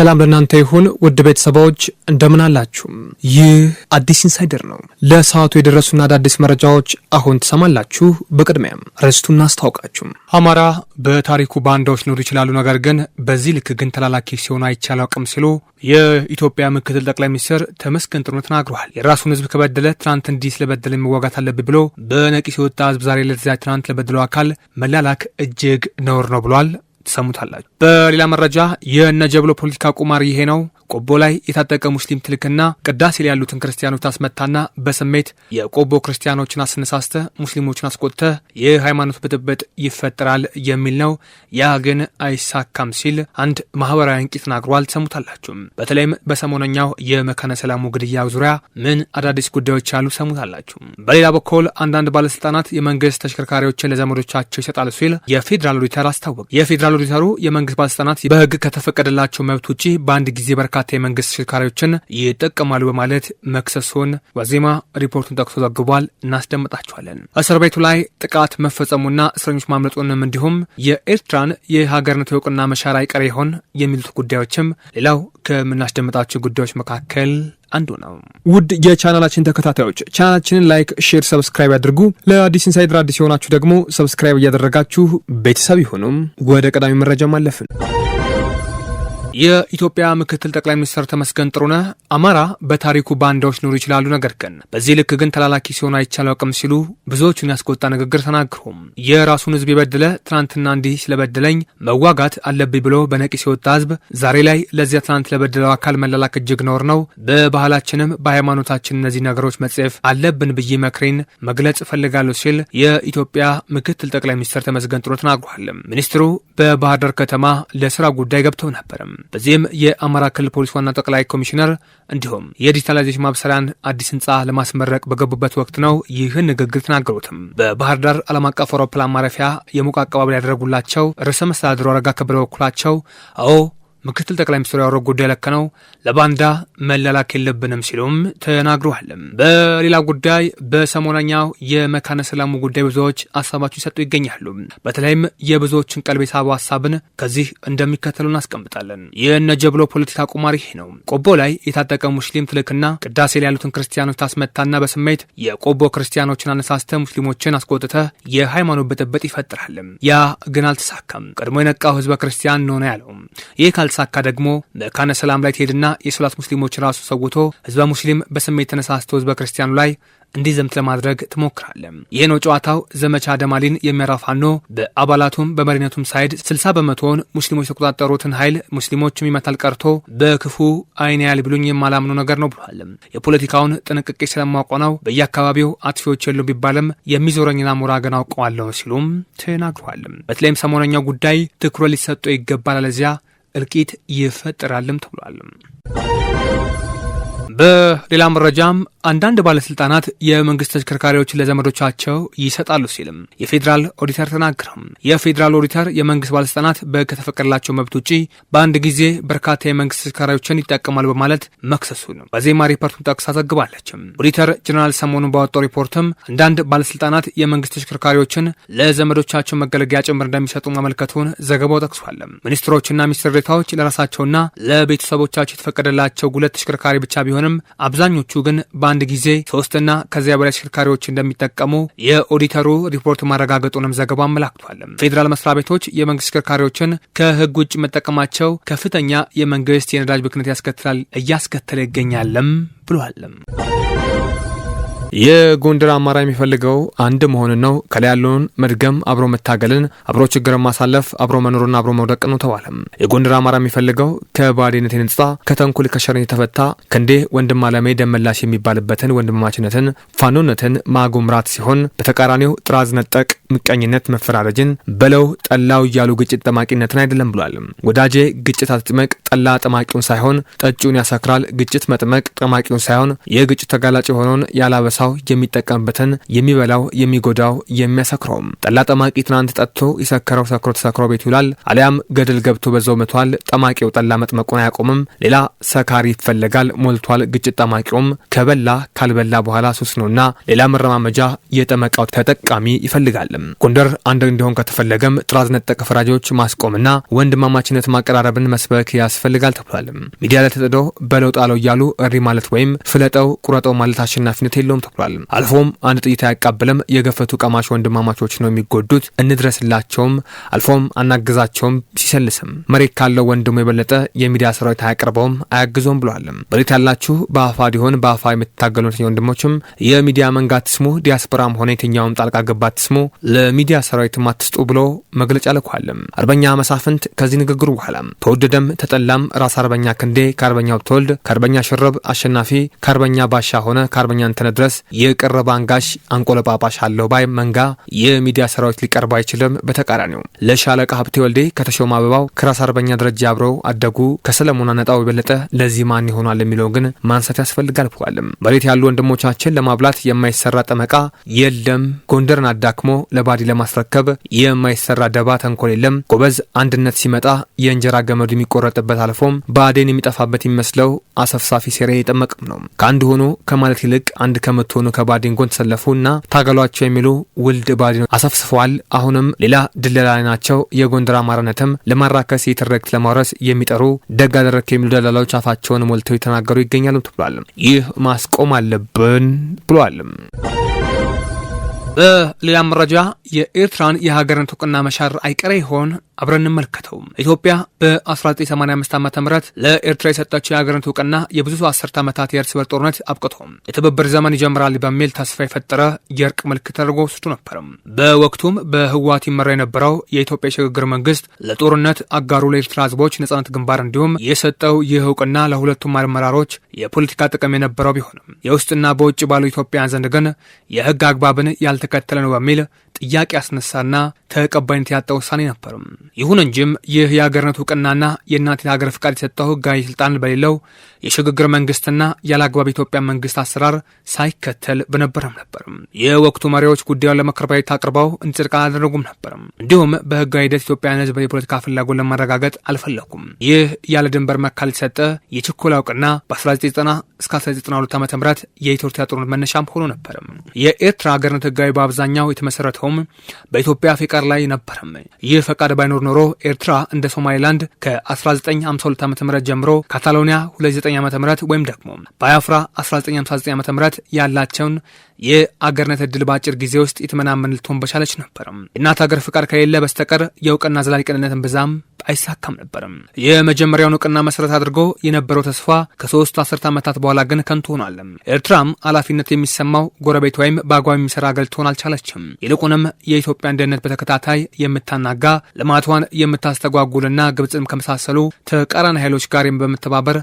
ሰላም ለእናንተ ይሁን ውድ ቤተሰባዎች እንደምን አላችሁም? ይህ አዲስ ኢንሳይደር ነው። ለሰዓቱ የደረሱና አዳዲስ መረጃዎች አሁን ትሰማላችሁ። በቅድሚያም ርዕስቱን አስታውቃችሁ አማራ በታሪኩ ባንዳዎች ሊኖሩ ይችላሉ፣ ነገር ግን በዚህ ልክ ግን ተላላኪ ሲሆኑ አይቻል አውቅም ሲሉ የኢትዮጵያ ምክትል ጠቅላይ ሚኒስትር ተመስገን ጥሩነህ ተናግረዋል። የራሱን ህዝብ ከበደለ ትናንት እንዲህ ስለበደለ የሚዋጋት አለብህ ብሎ በነቂስ የወጣ ህዝብ ዛሬ ለዚያ ትናንት ለበደለው አካል መላላክ እጅግ ነውር ነው ብሏል። ትሰሙታላችሁ። በሌላ መረጃ የነጀብሎ ፖለቲካ ቁማር ይሄ ነው። ቆቦ ላይ የታጠቀ ሙስሊም ትልክና ቅዳሴ ላይ ያሉትን ክርስቲያኖች ታስመታና በስሜት የቆቦ ክርስቲያኖችን አስነሳስተ ሙስሊሞችን አስቆጥተ የሃይማኖት ብጥብጥ ይፈጠራል የሚል ነው። ያ ግን አይሳካም ሲል አንድ ማህበራዊ አንቂ ተናግሯል። ሰሙታላችሁም። በተለይም በሰሞነኛው የመካነ ሰላሙ ግድያ ዙሪያ ምን አዳዲስ ጉዳዮች አሉ? ሰሙታላችሁ። በሌላ በኩል አንዳንድ ባለስልጣናት የመንግስት ተሽከርካሪዎችን ለዘመዶቻቸው ይሰጣል ሲል የፌዴራል ኦዲተር አስታወቀ። ጄኔራል ሪታሩ የመንግስት ባለስልጣናት በህግ ከተፈቀደላቸው መብት ውጭ በአንድ ጊዜ በርካታ የመንግስት ተሽከርካሪዎችን ይጠቀማሉ በማለት መክሰሱን ዋዜማ ሪፖርቱን ጠቅሶ ዘግቧል። እናስደምጣቸዋለን። እስር ቤቱ ላይ ጥቃት መፈጸሙና እስረኞች ማምለጡንም እንዲሁም የኤርትራን የሀገርነት እውቅና መሻር አይቀሬ ይሆን የሚሉት ጉዳዮችም ሌላው ከምናስደምጣቸው ጉዳዮች መካከል አንዱ ነው። ውድ የቻናላችን ተከታታዮች ቻናላችንን ላይክ፣ ሼር፣ ሰብስክራይብ ያድርጉ። ለአዲስ ኢንሳይደር አዲስ የሆናችሁ ደግሞ ሰብስክራይብ እያደረጋችሁ ቤተሰብ ይሁኑም። ወደ ቀዳሚ መረጃ ማለፍን የኢትዮጵያ ምክትል ጠቅላይ ሚኒስትር ተመስገን ጥሩነህ አማራ በታሪኩ ባንዳዎች ሊኖሩ ይችላሉ፣ ነገር ግን በዚህ ልክ ግን ተላላኪ ሲሆን አይቻል አውቅም ሲሉ ብዙዎቹን ያስቆጣ ንግግር ተናግሩም የራሱን ህዝብ የበደለ ትናንትና እንዲህ ስለበደለኝ መዋጋት አለብኝ ብሎ በነቂስ የወጣ ህዝብ ዛሬ ላይ ለዚያ ትናንት ለበደለው አካል መላላክ እጅግ ኖር ነው። በባህላችንም በሃይማኖታችን እነዚህ ነገሮች መጽፍ አለብን ብዬ መክሬን መግለጽ እፈልጋለሁ ሲል የኢትዮጵያ ምክትል ጠቅላይ ሚኒስትር ተመስገን ጥሩነህ ተናግሯል። ሚኒስትሩ በባህር ዳር ከተማ ለስራ ጉዳይ ገብተው ነበር። በዚህም የአማራ ክልል ፖሊስ ዋና ጠቅላይ ኮሚሽነር እንዲሁም የዲጂታላይዜሽን ማብሰሪያን አዲስ ህንፃ ለማስመረቅ በገቡበት ወቅት ነው ይህን ንግግር ተናገሩትም። በባህር ዳር ዓለም አቀፍ አውሮፕላን ማረፊያ የሞቀ አቀባበል ያደረጉላቸው ርዕሰ መስተዳድሩ አረጋ ከበደ በኩላቸው አዎ ምክትል ጠቅላይ ሚኒስትሩ ያወረው ጉዳይ ለክ ነው ለባንዳ መላላክ የለብንም ሲሉም ተናግረዋል። በሌላ ጉዳይ በሰሞነኛው የመካነ ሰላሙ ጉዳይ ብዙዎች ሀሳባቸውን ይሰጡ ይገኛሉ። በተለይም የብዙዎችን ቀልብ የሳቡ ሀሳብን ከዚህ እንደሚከተሉ እናስቀምጣለን። የነ ጀብሎ ፖለቲካ ቁማር ይህ ነው። ቆቦ ላይ የታጠቀ ሙስሊም ትልክና ቅዳሴ ላይ ያሉትን ክርስቲያኖች ታስመታና በስሜት የቆቦ ክርስቲያኖችን አነሳስተ ሙስሊሞችን አስቆጥተ የሃይማኖት ብጥብጥ ይፈጥራል። ያ ግን አልተሳካም። ቀድሞ የነቃው ህዝበ ክርስቲያን ነሆነ ያለው ይህ ካልተሳካ ደግሞ መካነ ሰላም ላይ ትሄድና የሶላት ሙስሊሞች ራሱ ሰውቶ ህዝበ ሙስሊም በስሜት ተነሳስቶ ህዝበ ክርስቲያኑ ላይ እንዲዘምት ለማድረግ ትሞክራለም። ይህ ነው ጨዋታው። ዘመቻ ደማሊን የሚመራ ፋኖ በአባላቱም በመሪነቱም ሳይድ 60 በመቶውን ሙስሊሞች የተቆጣጠሩትን ኃይል ሙስሊሞችም ይመታል ቀርቶ በክፉ አይን ያል ብሉኝ የማላምኑ ነገር ነው ብሏል። የፖለቲካውን ጥንቅቄ ስለማውቀው ነው በየአካባቢው አጥፊዎች የሉ ቢባልም የሚዞረኝና ሙራ ገና አውቀዋለሁ ሲሉም ተናግሯል። በተለይም ሰሞነኛው ጉዳይ ትኩረት ሊሰጡ ይገባል አለዚያ እልቂት ይፈጥራልም ተብሏል። በሌላ መረጃም አንዳንድ ባለስልጣናት የመንግስት ተሽከርካሪዎችን ለዘመዶቻቸው ይሰጣሉ ሲልም የፌዴራል ኦዲተር ተናግረም። የፌዴራል ኦዲተር የመንግስት ባለስልጣናት ከተፈቀደላቸው መብት ውጪ በአንድ ጊዜ በርካታ የመንግስት ተሽከርካሪዎችን ይጠቀማሉ በማለት መክሰሱን በዜማ ሪፖርቱን ጠቅሳ ዘግባለች። ኦዲተር ጀኔራል ሰሞኑን ባወጣው ሪፖርትም አንዳንድ ባለስልጣናት የመንግስት ተሽከርካሪዎችን ለዘመዶቻቸው መገለገያ ጭምር እንደሚሰጡ መመልከቱን ዘገባው ጠቅሷል። ሚኒስትሮችና ሚኒስትር ዴኤታዎች ለራሳቸውና ለቤተሰቦቻቸው የተፈቀደላቸው ሁለት ተሽከርካሪ ብቻ ቢሆንም ቢሆንም አብዛኞቹ ግን በአንድ ጊዜ ሶስትና ከዚያ በላይ አሽከርካሪዎች እንደሚጠቀሙ የኦዲተሩ ሪፖርት ማረጋገጡንም ዘገባ አመላክቷል። ፌዴራል መስሪያ ቤቶች የመንግስት አሽከርካሪዎችን ከህግ ውጭ መጠቀማቸው ከፍተኛ የመንግስት የነዳጅ ብክነት ያስከትላል፣ እያስከተለ ይገኛለም ብሏልም። የጎንደር አማራ የሚፈልገው አንድ መሆንን ነው። ከላይ ያለውን መድገም፣ አብሮ መታገልን፣ አብሮ ችግርን ማሳለፍ፣ አብሮ መኖርና አብሮ መውደቅ ነው ተባለ። የጎንደር አማራ የሚፈልገው ከባዴነት የነጻ ከተንኩል ከሸርን የተፈታ ክንዴ ወንድም አለሜ ደመላሽ የሚባልበትን ወንድማችነትን ፋኖነትን ማጎምራት ሲሆን በተቃራኒው ጥራዝ ነጠቅ ምቀኝነት፣ መፈራረጅን በለው ጠላው እያሉ ግጭት ጠማቂነትን አይደለም ብሏል። ወዳጄ ግጭት አትጥመቅ፣ ጠላ ጠማቂውን ሳይሆን ጠጪውን ያሰክራል። ግጭት መጥመቅ ጠማቂውን ሳይሆን የግጭት ተጋላጭ የሆነውን ያላበሳ የሚያነሳው፣ የሚጠቀምበትን፣ የሚበላው፣ የሚጎዳው፣ የሚያሰክረውም ጠላ ጠማቂ ትናንት ጠጥቶ የሰከረው ሰክሮ ተሰክሮ ቤቱ ይውላል፣ አሊያም ገድል ገብቶ በዛው መቷል። ጠማቂው ጠላ መጥመቁን አያቆምም፣ ሌላ ሰካሪ ይፈለጋል። ሞልቷል። ግጭት ጠማቂውም ከበላ ካልበላ በኋላ ሱስ ነውና ሌላ መረማመጃ የጠመቃው ተጠቃሚ ይፈልጋልም። ጎንደር አንድ እንዲሆን ከተፈለገም ጥራዝ ነጠቀ ፈራጆች ማስቆምና ወንድማማችነት ማቀራረብን መስበክ ያስፈልጋል ተብሏልም። ሚዲያ ላይ ተጥዶ በለው እያሉ እሪ ማለት ወይም ፍለጠው ቁረጠው ማለት አሸናፊነት የለውም። ተስተውሏል። አልፎም አንድ ጥይት አያቃብልም፣ የገፈቱ ቀማሽ ወንድማማቾች ነው የሚጎዱት፣ እንድረስላቸውም፣ አልፎም አናግዛቸውም ሲሰልስም መሬት ካለው ወንድሙ የበለጠ የሚዲያ ሰራዊት አያቅርበውም፣ አያግዞም ብሏል። በሬት ያላችሁ በአፋ ዲሆን በአፋ የምትታገሉ ወንድሞችም የሚዲያ መንጋ ትስሙ፣ ዲያስፖራም ሆነ የትኛውም ጣልቃ ገባ ትስሙ፣ ለሚዲያ ሰራዊትም አትስጡ ብሎ መግለጫ ልኳል። አርበኛ መሳፍንት ከዚህ ንግግሩ በኋላ ተወደደም ተጠላም ራስ አርበኛ ክንዴ ከአርበኛው ተወልድ ከአርበኛ ሽረብ አሸናፊ ከአርበኛ ባሻ ሆነ ከአርበኛ እንትነ ድረስ የቀረበ አንጋሽ አንቆለጳጳሽ አለው ባይ መንጋ የሚዲያ ሰራዊት ሊቀርብ አይችልም። በተቃራኒው ለሻለቃ ሀብቴ ወልዴ ከተሾመ አበባው ከራስ አርበኛ ደረጃ አብረው አደጉ ከሰለሞን አነጣው የበለጠ ለዚህ ማን ይሆናል የሚለውን ግን ማንሳት ያስፈልጋል ብሏልም። መሬት ያሉ ወንድሞቻችን ለማብላት የማይሰራ ጠመቃ የለም፣ ጎንደርን አዳክሞ ለባዲ ለማስረከብ የማይሰራ ደባ ተንኮል የለም። ጎበዝ አንድነት ሲመጣ የእንጀራ ገመዱ የሚቆረጥበት አልፎም ባዴን የሚጠፋበት የሚመስለው አሰፍሳፊ ሴራ የጠመቅም ነው። ከአንድ ሆኖ ከማለት ይልቅ አንድ ከመቶ ሁለቱ ከባዴን ጎን ተሰለፉና ታገሏቸው የሚሉ ውልድ ባዲን አሰፍስፈዋል። አሁንም ሌላ ድል ናቸው። የጎንደር አማራነትም ለማራከስ ትርክት ለማውረስ የሚጠሩ ደግ አደረክ የሚሉ ደላላዎች አፋቸውን ሞልተው የተናገሩ ይገኛሉ ተብሏል። ይህ ማስቆም አለብን ብሏልም። በሌላ መረጃ የኤርትራን የሀገርነት እውቅና መሻር አይቀሬ ይሆን? አብረን እንመልከተው። ኢትዮጵያ በ1985 ዓ ም ለኤርትራ የሰጠችው የሀገርነት እውቅና የብዙ አስርት ዓመታት የእርስ በር ጦርነት አብቅቶ የትብብር ዘመን ይጀምራል በሚል ተስፋ የፈጠረ የእርቅ ምልክት ተደርጎ ወስዱ ነበር። በወቅቱም በህወሓት ይመራ የነበረው የኢትዮጵያ የሽግግር መንግስት ለጦርነት አጋሩ ለኤርትራ ህዝቦች ነጻነት ግንባር እንዲሁም የሰጠው ይህ እውቅና ለሁለቱም አመራሮች የፖለቲካ ጥቅም የነበረው ቢሆንም የውስጥና በውጭ ባሉ ኢትዮጵያውያን ዘንድ ግን የህግ አግባብን ያል ያልተከተለ ነው በሚል ጥያቄ ያስነሳና ተቀባይነት ያጣ ውሳኔ ነበርም። ይሁን እንጂም ይህ የአገርነት እውቅናና የእናቴን ሀገር ፍቃድ የሰጠው ህጋዊ ስልጣን በሌለው የሽግግር መንግስትና ያለአግባብ ኢትዮጵያ መንግስት አሰራር ሳይከተል በነበረም ነበርም። የወቅቱ መሪዎች ጉዳዩን ለምክር ቤት አቅርበው እንዲጸድቅ አላደረጉም ነበርም። እንዲሁም በህጋዊ ሂደት ኢትዮጵያን ህዝብ የፖለቲካ ፍላጎት ለማረጋገጥ አልፈለጉም። ይህ ያለ ድንበር መካል የተሰጠ የችኮላ አውቅና በ1990 እስከ 1992 ዓ ም የኢትዮጵያ ጦርነት መነሻም ሆኖ ነበርም። የኤርትራ ሀገርነት ህጋዊ በአብዛኛው የተመሰረተውም በኢትዮጵያ ፍቃድ ላይ ነበርም። ይህ ፈቃድ ባይኖር ኖሮ ኤርትራ እንደ ሶማሌላንድ ከ1952 ዓ ም ጀምሮ ካታሎኒያ 29 ዓ ም ወይም ደግሞ ባያፍራ 1959 ዓ ም ያላቸውን የአገርነት እድል በአጭር ጊዜ ውስጥ የተመናመነች ትሆንበቻለች ነበርም። እናት ሀገር ፍቃድ ከሌለ በስተቀር የእውቅና ዘላቂ ቅንነትን ብዛም አይሳካም ነበርም። የመጀመሪያውን እውቅና መሰረት አድርጎ የነበረው ተስፋ ከሶስት አስርት ዓመታት በኋላ ግን ከንቱ ሆኗል። ኤርትራም ኃላፊነት የሚሰማው ጎረቤት ወይም በአግባብ የሚሰራ አገር ልትሆን አልቻለችም። ይልቁንም የኢትዮጵያን ደህንነት በተከታታይ የምታናጋ ልማቷን የምታስተጓጉልና ግብፅም ከመሳሰሉ ተቃራኒ ኃይሎች ጋር በመተባበር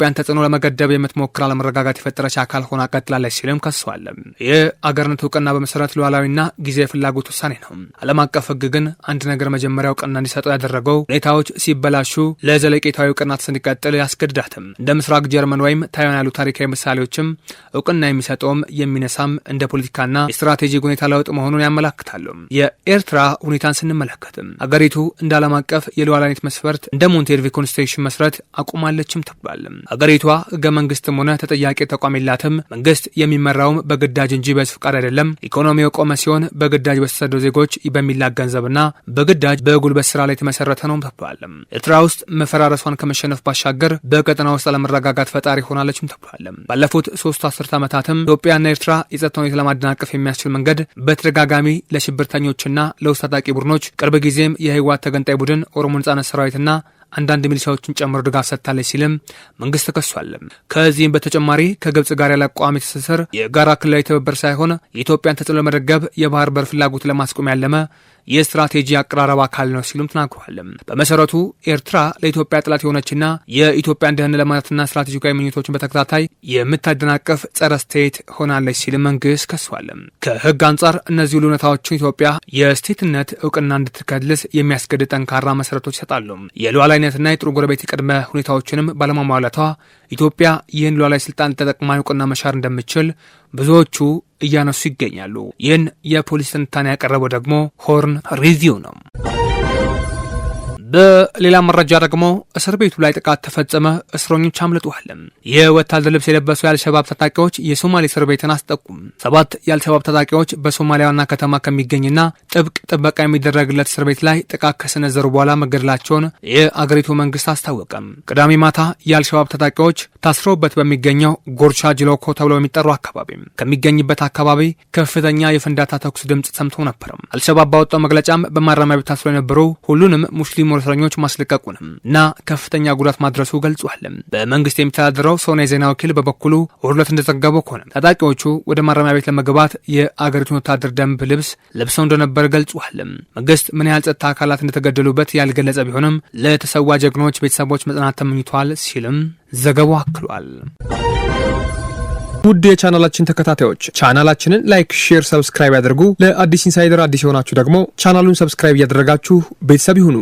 የኢትዮጵያን ተጽዕኖ ለመገደብ የምትሞክር አለመረጋጋት የፈጠረች አካል ሆና ቀጥላለች ሲልም ከሷል። ይህ አገርነት እውቅና በመሰረት ሉዓላዊና ጊዜ ፍላጎት ውሳኔ ነው። ዓለም አቀፍ ሕግ ግን አንድ ነገር መጀመሪያ እውቅና እንዲሰጠው ያደረገው ሁኔታዎች ሲበላሹ ለዘለቄታዊ እውቅና ስንቀጥል ያስገድዳትም። እንደ ምስራቅ ጀርመን ወይም ታይዋን ያሉ ታሪካዊ ምሳሌዎችም እውቅና የሚሰጠውም የሚነሳም እንደ ፖለቲካና የስትራቴጂክ ሁኔታ ለውጥ መሆኑን ያመላክታሉ። የኤርትራ ሁኔታን ስንመለከትም አገሪቱ እንደ ዓለም አቀፍ የሉዓላዊነት መስፈርት እንደ ሞንቴርቪ ኮንስቲቱሽን መስረት አቁማለችም ተብሏል። አገሪቷ ህገ መንግስትም ሆነ ተጠያቂ ተቋም የላትም። መንግስት የሚመራውም በግዳጅ እንጂ በህዝብ ፍቃድ አይደለም። ኢኮኖሚ የቆመ ሲሆን በግዳጅ በተሰደው ዜጎች በሚላክ ገንዘብና በግዳጅ በጉልበት ስራ ላይ የተመሰረተ ነው ተብሏል። ኤርትራ ውስጥ መፈራረሷን ከመሸነፍ ባሻገር በቀጠና ውስጥ አለመረጋጋት ፈጣሪ ሆናለችም ተብሏል። ባለፉት ሶስት አስርት ዓመታትም ኢትዮጵያና ኤርትራ የጸጥታ ሁኔታ ለማደናቀፍ የሚያስችል መንገድ በተደጋጋሚ ለሽብርተኞችና ለውስጥ ታጣቂ ቡድኖች ቅርብ ጊዜም የህወሓት ተገንጣይ ቡድን ኦሮሞ ነጻነት ሰራዊትና አንዳንድ ሚሊሻዎችን ጨምሮ ድጋፍ ሰጥታለች ሲልም መንግስት ተከሷል። ከዚህም በተጨማሪ ከግብጽ ጋር ያለ አቋም የተሰሰር የጋራ ክልላዊ ትብብር ሳይሆን የኢትዮጵያን ተጽዕኖ ለመደገብ የባህር በር ፍላጎት ለማስቆም ያለመ የስትራቴጂ አቀራረብ አካል ነው ሲሉም ተናግረዋል። በመሰረቱ ኤርትራ ለኢትዮጵያ ጠላት የሆነችና የኢትዮጵያን ደህን ለማለትና ስትራቴጂካዊ ምኞቶችን በተከታታይ የምታደናቀፍ ጸረ ስቴት ሆናለች ሲል መንግስት ከሷል። ከህግ አንጻር እነዚህ ሁሉ እውነታዎችን ኢትዮጵያ የስቴትነት እውቅና እንድትከልስ የሚያስገድድ ጠንካራ መሰረቶች ይሰጣሉ። የሉዓላዊነትና የጥሩ ጎረቤት ቅድመ ሁኔታዎችንም ባለማሟላቷ ኢትዮጵያ ይህን ሉዓላዊ ስልጣን ተጠቅማ እውቅና መሻር እንደምችል ብዙዎቹ እያነሱ ይገኛሉ። ይህን የፖሊስ ትንታኔ ያቀረበው ደግሞ ሆርን ሪቪው ነው። በሌላ መረጃ ደግሞ እስር ቤቱ ላይ ጥቃት ተፈጸመ፣ እስረኞች አምልጠዋል። የወታደር ልብስ የለበሱ የአልሸባብ ታጣቂዎች የሶማሌ እስር ቤትን አስጠቁም። ሰባት የአልሸባብ ታጣቂዎች በሶማሊያ ዋና ከተማ ከሚገኝና ጥብቅ ጥበቃ የሚደረግለት እስር ቤት ላይ ጥቃት ከሰነዘሩ በኋላ መገደላቸውን የአገሪቱ መንግስት አስታወቀም። ቅዳሜ ማታ የአልሸባብ ታጣቂዎች ታስረውበት በሚገኘው ጎርቻ ጅሎኮ ተብሎ የሚጠሩ አካባቢ ከሚገኝበት አካባቢ ከፍተኛ የፍንዳታ ተኩስ ድምፅ ሰምቶ ነበርም። አልሸባብ ባወጣው መግለጫም በማረሚያ ቤት ታስሮ የነበሩ ሁሉንም ሙስሊሞ የሚሆኑ እስረኞች ማስለቀቁንም እና ከፍተኛ ጉዳት ማድረሱ ገልጿል። በመንግስት የሚተዳደረው ሰውና የዜና ወኪል በበኩሉ ውርለት እንደዘገበው ከሆነ ታጣቂዎቹ ወደ ማረሚያ ቤት ለመግባት የአገሪቱን ወታደር ደንብ ልብስ ለብሰው እንደነበር ገልጿል። መንግስት ምን ያህል ጸጥታ አካላት እንደተገደሉበት ያልገለጸ ቢሆንም ለተሰዋ ጀግኖች ቤተሰቦች መጽናት ተመኝቷል ሲልም ዘገባው አክሏል። ውድ የቻናላችን ተከታታዮች ቻናላችንን ላይክ፣ ሼር፣ ሰብስክራይብ ያድርጉ። ለአዲስ ኢንሳይደር አዲስ የሆናችሁ ደግሞ ቻናሉን ሰብስክራይብ እያደረጋችሁ ቤተሰብ ይሁኑ።